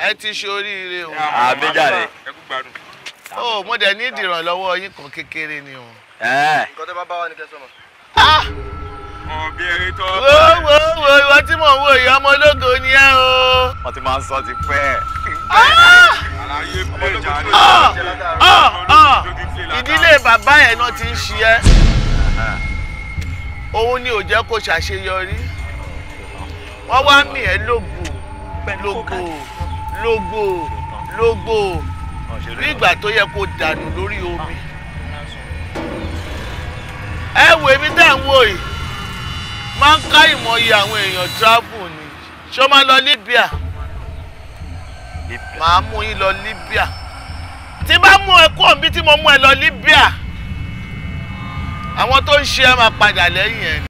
ẹ ti ṣe oríire o. àbíjàre. ó oh, mo dẹ̀ ní ìdìrànlọ́wọ́ yín kan kékeré ni o. nǹkan tó bá bá wa ní kẹsàn-án ah! wo wo wo ìwọ tí mò ń wo ìyá ọmọ ológo ni ẹ o. wọ́n ti máa ń sọ ti pẹ́. Ah! àlàyé bẹ́ẹ̀ jáde. Ah! ìdílé bàbá ẹ̀ náà ti ń ṣe ẹ́. òun ni ò jẹ́ kó ṣàṣeyọrí. wọ́n wá mì ẹ́ lógo lógo lógbò lógbò nígbà tó yẹ kó dànù lórí omi ẹ wo èmi tẹ́ ń wò yìí máa ń ká ìmọ̀ye àwọn èèyàn travel ni ṣó máa lọ Libya màá mú yín lọ Libya tí bá mú ẹ kó tí mo mú ẹ lọ Libya àwọn tó ń ṣe ẹ máa padà lẹ́yìn ẹ.